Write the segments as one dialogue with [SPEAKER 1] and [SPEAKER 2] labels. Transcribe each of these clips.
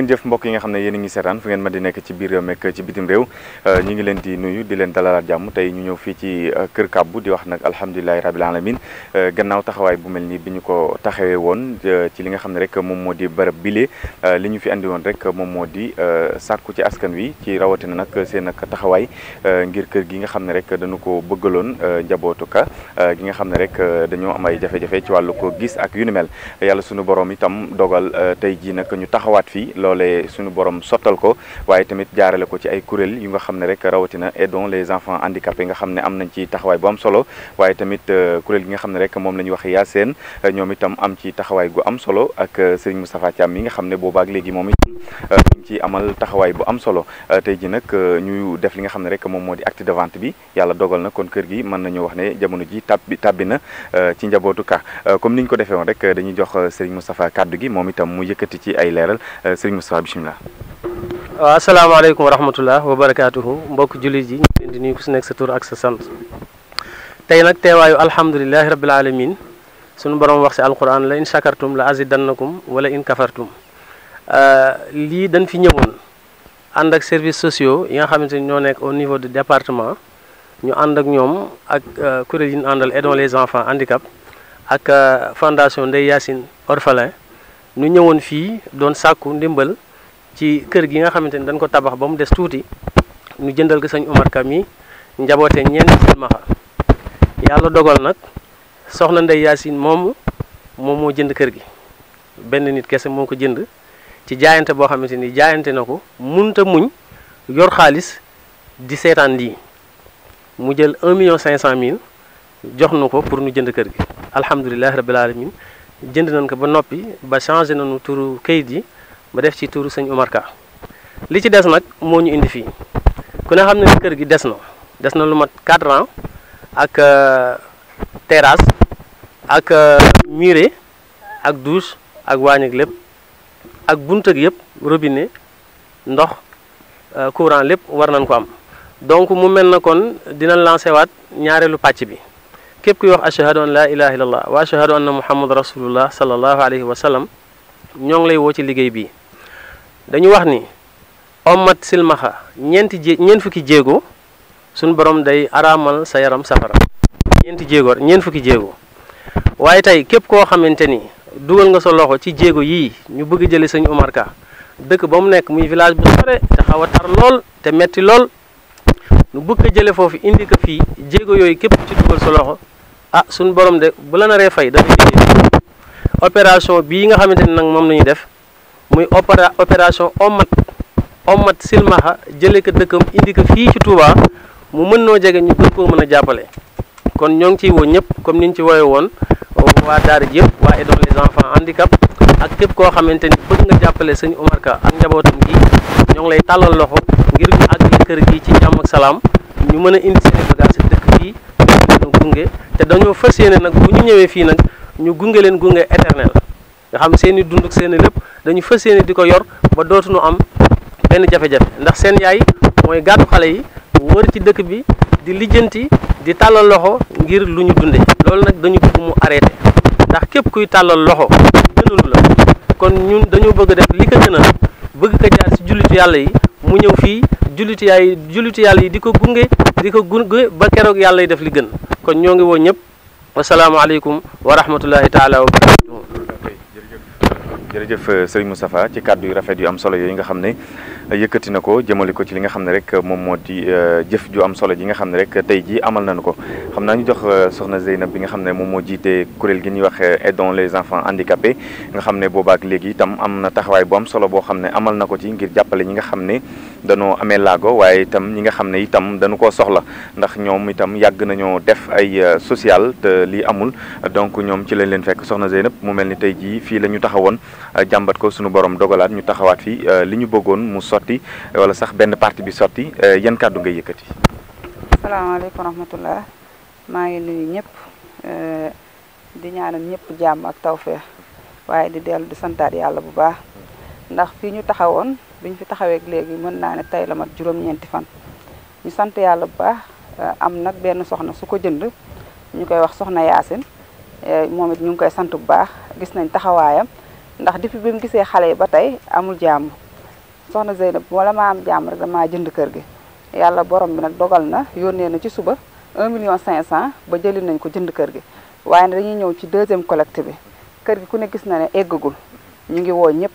[SPEAKER 1] ngeen jëf mbokk yi nga xam ne yéen a ngi seetaan fu ngeen mën di nekk ci biir réew mekk ci bitim réew euh, ñi ngi leen di nuyu di leen dalalaat jàmm tey ñu ñëw fii ci euh, kër kàbbu di wax nag alhamdulilahi rabil alamin euh, gannaaw taxawaay bu mel ni bi ñu ko taxawee woon ci li nga xam ne rek moom moo di barab bile li ñu fi andi woon rek moom moo di sàkku ci askan wi ci rawatina nag seen ak taxawaay ngir kër gi nga xam ne rek dañu ko bëggaloon njabootu ka gi nga xam ne rek dañoo am ay jafe ci wàllu gis ak yu loolee suñu borom sottal ko waaye tamit jaarale ko ci ay kuréel yu nga xam ne rek rawatina aidons les enfants handicapés yi nga xam ne am nañ ci taxawaay bu am solo waaye tamit euh, kuréel gi nga xam ne rek moom la ñuy wax Yacine euh, ñoom itam am ci taxawaay gu am solo ak euh, Serigne Moustapha Thiam yi nga xam ne boobaak léegi moom itam ci amal taxawaay bu am solo tey ji nag ñu def li nga xam ne rek moom moo di acte de vente bi yàlla dogal na kon kër gi mën nañu wax ne jamono ji tàbbi tàbbi na ci njabootu ka comme niñ ko defee woon rek dañuy jox Serigne Moustapha kaddu gi moom itam mu yëkkati ci ay leeral Moustapha bisimilah.
[SPEAKER 2] waaw asalaamaaleykum wa rahmatullah wa mbokk jullit ji ñu leen di nuyu ku si nekk sa tur ak sa sant tey nag teewaayu alhamdulilahi rabbil alamin sunu borom wax si alquran la in shakartum la azidannakum wala in kafartum euh, lii dañ fi ñëwoon ànd ak service sociaux yi nga xamante ni ñoo nekk au niveau de département ñu ànd ak ñoom ak euh, kuréel yi ñu àndal aidons les enfants handicap ak euh, fondation Ndeye Yacine Orphelin ñu ñëwoon fii doon sàkku ndimbal ci kër gi nga xamante ni dañ ko tabax ba mu des tuuti ñu jëndal ko sëñ Omar Kam yi njaboote ñeent silmaxa yàlla dogal nag soxna Ndey Yaasin moom moom moo jënd kër gi benn nit kese moo ko jënd ci jaayante boo xamante ni jaayante na ko munta muñ yor xaalis di seetaan lii mu jël un million 500 mille jox nu ko pour ñu jënd kër gi alhamdulilah rabbil alamin jënd nañ ko ba noppi ba changé nañu turu kayit yi ba def ci turu sëñ Omar li ci des nag moo ñu indi fii ku ne xam ne kër gi des na des na lu mat 4 ans ak euh, terrasse ak euh, murée ak douche ak waañ ak lépp ak bunt ak yëpp robinet ndox euh, courant lépp war nañ ko am donc mu mel na kon dina lancé waat ñaareelu pàcc bi képp kuy wax ashahadu an laa ilaha illallah wa ashahadu anna muhammad rasulullah sallallahu alayhi wa sallam ñoo ngi lay woo ci liggéey bi dañu wax ni ommat silmaxa ñeenti jé ñeent fukki jéego suñ borom day araamal sa yaram safara ñeenti jéego ñeent fukki jéego waaye tey képp koo xamante ni dugal nga sa loxo ci jéego yi ñu bugg jële sëñ Omar Ka dëkk ba mu nekk muy village bu sore te xaw a tar lool te metti lool ñu bëgg ko jële foofu indi ko fii jéego yooyu képp ci dugal sa loxo ah suñu borom de bu la naree fay dafay liggéey opération bii nga xamante ne nag moom la def muy opéra opération omat omat silmaxa jëlee ko dëkkam indi ko fii ci Touba mu mën noo jege ñu gën koo mën a jàppale. kon ñoo ngi ciy woo ñëpp comme ni ñu ci woowee woon waa daara ji yëpp waa aidons les enfants handicap ak képp koo xamante ni bëgg nga jàppale sëñ Omar Ka ak njabootam gi ñoo ngi lay tàllal loxo ngir ñu àggale kër gi ci jàmm ak salaam ñu mën a indi seen bagage dëkk te dañoo fas yéene nag bu ñu ñëwee fii nag ñu gunge leen gunge éternel nga xam seen i dund ak seen i lépp dañu fas yéene di ko yor ba dootuñu am benn jafe-jafe ndax seen yaay mooy gàddu xale yi wër ci dëkk bi di lijjanti di tàllal loxo ngir lu ñu dunde loolu nag dañu bëgg mu arrêté ndax képp kuy tàllal loxo gënalu la kon ñun dañoo bëgg def li ko gënal bëgg ko jaar ci jullitu yàlla yi mu ñëw fii julliti yaay julliti yàlla yi di ko gunge di ko gunge ba keroog yàlla yi def li gën kon ñoo ngi woon ñëpp wasalaamaaleykum wa rahmatullahi taala wa barakatuhu
[SPEAKER 1] jërëjëf euh, ci kàddu yu rafet yu am solo yooyu nga xam ne yëkkati na ko jëmale ko ci li nga xam ne rek moom moo di euh, jëf ju am solo ji nga xam ne rek tey ji amal nañu ko xam naa ñu jox euh, soxna Zeynab bi nga xam ne moom moo jiite kuréel gi ñuy wax aidons les enfants handicapés nga xam ne boobaak léegi itam am na taxawaay bu am solo boo xam ne amal na ko ci ngir jàppale ñi nga xam ne danoo amee laago waaye itam ñi nga xam ne itam dañu koo soxla ndax ñoom itam yàgg nañoo def ay euh, social te lii amul donc ñoom ci lañ leen fekk soxna Zeynab mu mel ni tey jii fii la ñu taxawoon euh, jàmbat ko suñu borom dogalaat ñu taxawaat fii euh, li ñu bëggoon mu sotti wala sax benn partie bi sotti yan kàddu ngay yëkkati.
[SPEAKER 3] salaamaaleykum rahmatullah maa ngi nuyu ñëpp di ñaanal ñëpp jàmm ak tawfeex waaye di dellu di santaat yàlla bu baax. ndax fii ñu taxawoon bi ñu fi taxawee léegi mën naa ne tey la mat juróom-ñeenti fan ñu sant yàlla bu baax eh, am nag benn soxna su ko jënd ñu koy wax soxna Yaasin eh, moom it ñu ngi koy sant bu baax gis nañ taxawaayam ndax depuis bi mu gisee xale yi ba tey amul jàmm soxna Zeynab wala ma am jàmm rek damaa jënd kër gi yàlla borom bi nag dogal na yónnee na ci suba 1 million cent ba jëli nañ ko jënd kër gi waaye dañuy ñëw ci deuxième collecte bi kër gi ku ne gis na ne eggagul ñu ngi woo ñëpp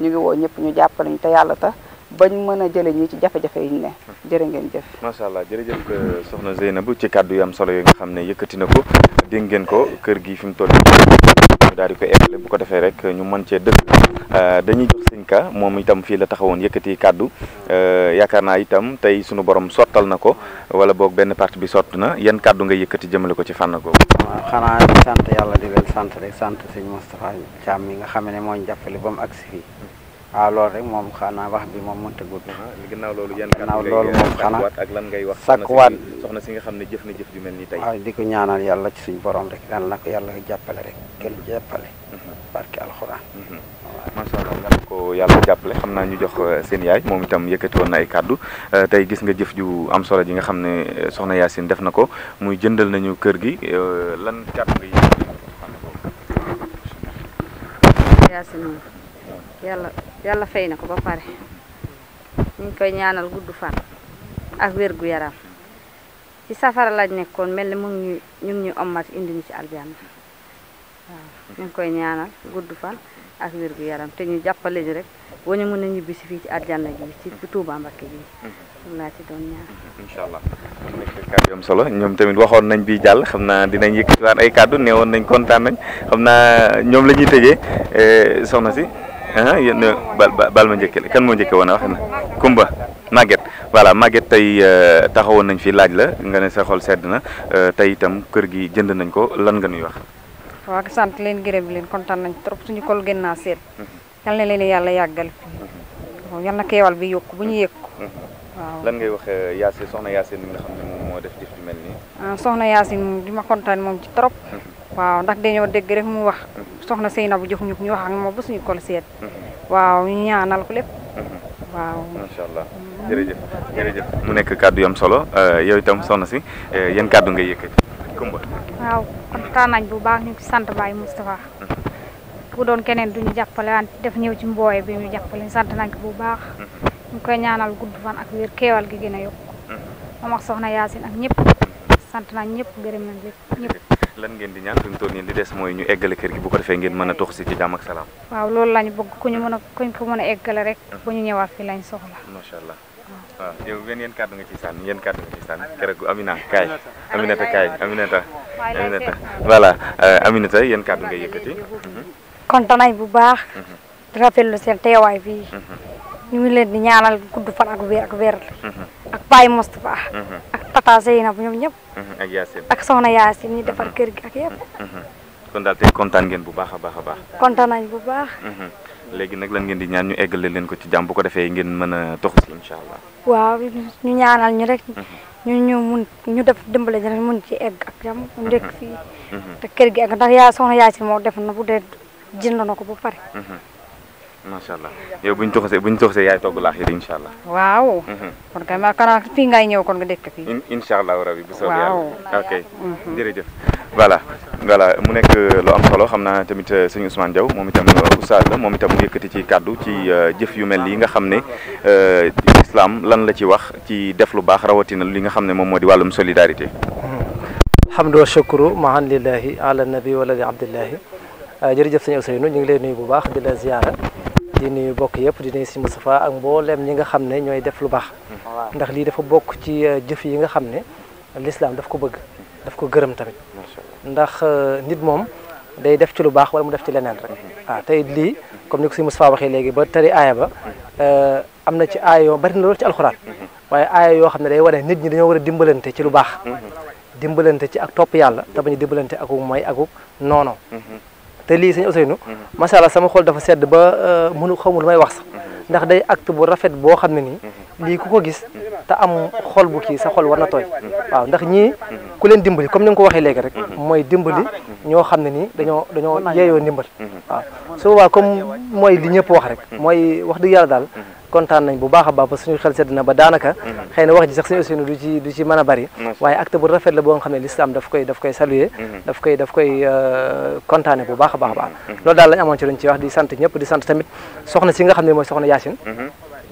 [SPEAKER 3] ñu ngi woo ñëpp ñu jàppale ñu te yàlla tax bañ mën a jëlee ñii ci jafe-jafe yi ñu ne jërë ngeen jëf
[SPEAKER 1] macha allah jërëjëf euh, soxna Zeynab ci kàddu yu solo yi nga xam ne yëkkati na ko dégg ngeen ko kër gi fi mu toll daal di ko bu ko defee rek ñu mën cee dëgg euh, dañuy jox sëñ ka moom itam fii la taxawoon yëkkati kàddu euh, yaakaar naa itam tey sunu borom sottal na ko wala boog benn partie bi sott na yan kàddu nga yëkkati jëmale ko ci fànn ko waaw
[SPEAKER 3] xanaa sant yàlla di
[SPEAKER 2] leen sant rek sant sëñ Moustapha Thiam mi nga xam ne mooñ jàppale ba mu agsi fii waaw ah, loolu rek
[SPEAKER 1] moom xanaa wax bi moom mënta gudd. ginnaaw loolu yan gannaaw loolu moom xanaa ak lan ngay wax. sakkuwaat soxna si nga xam ne jëf na jëf ju mel ni tey. waaw di ko
[SPEAKER 3] ñaanal yàlla ci suñu borom rek yàlla na ko yàlla
[SPEAKER 1] jàppale rek kenn jàppale. Mhm. barke alxuraan. Mhm. macha allah yàlla ko yàlla jàppale xam naa ñu jox euh, seen yaay moom itam yëkkati woon na ay kàddu euh, tey gis nga jëf ju am solo ji nga xam ne euh, soxna Yacine def na ko muy jëndal nañu kër gi lan kàddu nga yëkkati.
[SPEAKER 2] yàlla. yàlla fay na ko ba pare ñu ngi koy ñaanal gudd fan ak wér gu yaram ci safara lañ nekkoon mel ni mu ngi ñu ngi ñu ommat indi ñu ci aljanna waaw koy ñaanal gudd fan ak wér yaram te ñu jàppale ñu rek boo ñu mën a ñibbi si fii ci aljanna ji ci Touba Mbakke ji. laa ci doon ñaan.
[SPEAKER 1] incha allah mu nekk kàddu am solo ñoom tamit waxoon nañ bi jàll xam naa dinañ yëkkatiwaat ay kàddu woon nañ kontaan nañ xam naa ñoom lañuy tëje tëjee eh, soxna si. yéen bal bal ma njëkkale kan moo njëkke woon a wax na Kumba Maguette voilà Maguette tey euh, taxawoon nañ fi laaj la nga ne sa xol sedd na euh, tey itam kër gi jënd nañ ko lan nga nuy wax.
[SPEAKER 3] waaw
[SPEAKER 2] sant leen gërëm leen kontaan nañ trop suñu kol gën naa seet. Mhm. yal na yàlla yàggal fii. Mhm. yal na bi yokku bu ñu yëkku.
[SPEAKER 1] Mhm. waaw ngay wax euh, Yacine soxna Yacine mi nga
[SPEAKER 2] xam ne ah, ma kontaan moom ci trop. waaw ndax dañoo dégg rek mu wax. soxna Seynabou jox ñu ñu wax ak moom ba suñu kol seet mhm. waaw ñu ñaanal ko lépp mhm. waaw
[SPEAKER 1] mhm. mu nekk kàddu yam solo euh, yow itam soxna si euh, yéen kàddu nga yëkkati kumba
[SPEAKER 2] waaw kontaan nañ bu baax ñu ngi sant Baye mustafa bu doon keneen duñu jàppale wante def ñëw ci mbooye bi ñu jàppale sant nañ ko bu baax ñu koy ñaanal gudd fan ak wér keewal gi gën a yokk moom ak soxna Yaasin ak ñëpp sant nañ ñëpp gërëm lépp ñëpp
[SPEAKER 1] lan ngeen di ñaan fi mu toll nii li des mooy ñu eggale kër gi bu ko defee ngeen mën a tox si ci jàmm ak salaam.
[SPEAKER 2] waaw loolu lañ bëgg ku ñu mën a kuñ ko mën a eggale rek. Mm. bu ñu ñëwaat fii lañ soxla.
[SPEAKER 1] macha allah waaw yow yéen nga ci sànni yéen kàddu nga ciy sànni keroog Amina kaay Aminata kaay Aminata. Aminata voilà euh, Aminata yéen kàddu nga yëkkati.
[SPEAKER 2] kontaan nañ bu baax. Mm-hmm. rafetlu seen teewaay fii. Mm-hmm. ñu ngi leen di ñaanal gudd fan ak weer ak weer la mm-hmm. Baye Moustapha. Mhm. ak Tata Zeynab ñoom ñëpp.
[SPEAKER 1] Mhm, ak Yacine ak Soxna Yacine ñu defar mhm. kër gi ak yëpp. kon daal tey kontaan ngeen bu baax a baax a baax. kontaan nañ bu baax. léegi nag lañ ngeen di ñaan ñu eggale leen ko ci jam bu ko defee ngeen mën a toxu si incha allah.
[SPEAKER 2] waaw ñu ñaanal ñu rek. ñu ñu mun ñu def dimbale dinañ mun ci egg ak jàmm. mu te kër gi ak ndax yaa soxna Yacine moo def na bu dee jënd na ko bu pare.
[SPEAKER 1] macha allah yow bu ñu toxasee bu ñu toxasee yaay togg laax yi incha allah. waaw. Mhm.
[SPEAKER 2] kon kay ma kana fii ngay ñëw kon nga dëkk fii.
[SPEAKER 1] incha allah rabi bu soobee waaw ok mhm. mu nekk euh, lu am xam naa tamit euh, sëñ Ousmane moom itam euh, oustaz la moom mu ci kàddu ci jëf yu mel nii nga xam ne islam lan la ci wax ci def lu baax rawatina li nga xam ne moom moo di wàllum solidarité.
[SPEAKER 3] hamdu wa shukru mahan lillahi ala nabi waladi abdillahi jërëjëf sëñ Ousseynou ñu ngi lay nuyu bu baax di la di nuyu bokk yëpp di nuyu si Moustapha ak mboolem ñi nga xam ne ñooy def lu baax ndax lii dafa bokk ci euh, jëf yi nga xam ne l'islam daf ko bëgg daf ko gërëm tamit ndax euh, nit moom day def ci lu baax wala mu def ci leneen rek waaw mhm. ah, tey lii comme ni ko si Moustapha waxee léegi ba tari aaya ba mhm. euh, am na ci aaya yoo bari na loolu ci alxuraan mhm. waaye aaya yoo xam ne day wane nit ñi dañoo war a dimbalante ci lu baax dimbalante ci ak topp yàlla te bañ dimbalante akuk mooy akuk noono te lii sëñ Ousseynou macha allah sama xol dafa sedd ba euh, mënu xamul may wax sax ndax day acte bu rafet boo xam ne nii lii ko ko gis te am xol bu kii sa xol war na tooy waaw ndax ñii ku leen dimbali comme ni nga ko waxee léegi rek mooy dimbali ñoo xam ne nii dañoo dañoo yeeyoo ndimbal waaw su boobaa comme mooy li ñëpp wax rek mooy wax dëgg yàlla daal kontaan nañ bu baax a baax parce que suñu xel sedd na ba daanaka mhm. xëy na wax ji sax suñu aussi du ci du ci mën a bari waaye acte bu rafet la boo nga xam ne l'islam daf koy daf koy saluer mhm. daf koy daf koy euh, kontaane bu baax a baax a baax mhm. loolu daal lañ amoon ci luñ ci wax di sant ñëpp di sant tamit soxna si nga xam ne mooy soxna Yacine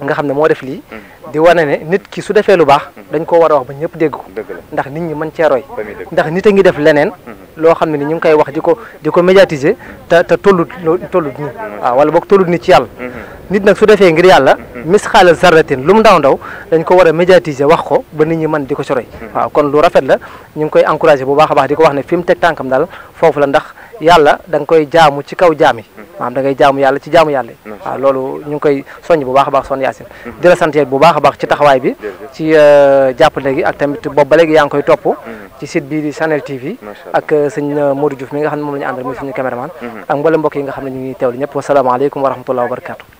[SPEAKER 3] nga xam ne moo def lii di wane ne nit ki su defee lu baax dañ ko war a wax ba ñëpp dégg ko ndax nit ñi man cee ndax nit a ngi def leneen loo xam ne ni ñu ngi koy wax di ko di ko médiatiser te te tollut tollut nii waaw ah, wala boog tollut ci yàlla nit nag su defee ngir yàlla mis xaalal zarratin lu mu ndaw ndaw dañ ko war a médiatiser wax ko ba nit ñi mën di ko soroy waaw kon lu rafet la ñu ngi koy encouragé bu baax a baax di ko wax ne fi mu teg tànkam daal foofu la ndax yàlla da nga koy jaamu ci kaw jaam yi maanaam da ngay jaamu yàlla ci jaamu yàlla waaw loolu ñu ngi koy soññ bu baax a baax soon yaasin di la sant bu baax a baax ci taxawaay bi ci euh, jàppale gi ak tamit boobu ba léegi yaa ngi koy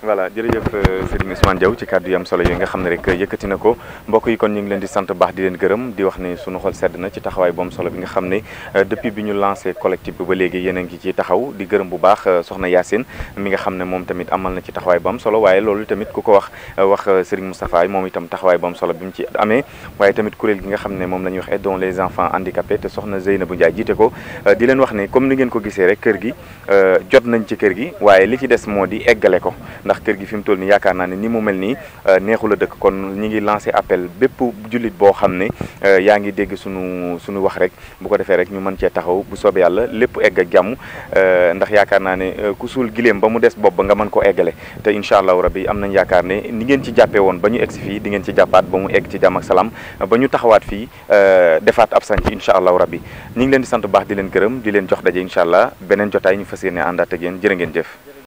[SPEAKER 1] voilà jërëjëf euh, Serigne Ousmane Diaw ci kàddu yi am solo yi nga xam ne rek yëkkati na ko mbokk yi kon ñu ngi leen di sant baax di leen gërëm di wax ni suñu xol sedd na ci taxawaay bu am solo bi nga xam ne euh, depuis bi ñu lancé collectif bi ba ngi ci taxaw di gërëm bu baax euh, soxna Yacine mi nga xam ne moom tamit amal na ci taxawaay ba am solo waaye loolu tamit ku ko wax wax Serigne Moustapha moom itam taxawaay bu am solo bi mu ci amee waaye tamit kuréel gi nga xam ne moom la ñuy wax aidons les enfants handicapés te soxna Zeynabou Ndiaye jiite ko di leen wax ne comme ni ngeen ko gisee rek kër gi jot nañ ci kër gi waaye li ci des moo di eggale ko ndax kër gi fi mu toll nii yaakaar naa ne ni mu mel nii euh, neexul dëkk kon ñu ngi lancé appel bépp jullit boo xam ne euh, yaa ngi dégg sunu suñu wax rek bu ko defee rek ñu mën cee taxaw bu soobee yàlla lépp egg ak jàmm euh, ndax yaakaar naa ne ku suul gileem ba mu des bopp ba nga mën ko eggale te incha allahu rabbi am nañ yaakaar ne ni ngeen ci jàppee woon ba ñu egg si fii di ngeen ci jàppaat ba mu egg ci jàmm ak salaam ba ñu taxawaat fii defaat ab sanc incha allahu rabbi ñi ngi leen sant baax di leen gërëm di leen jox daje incha allah beneen jotaay ñu fas yéene àndaat ak jërë ngeen jëf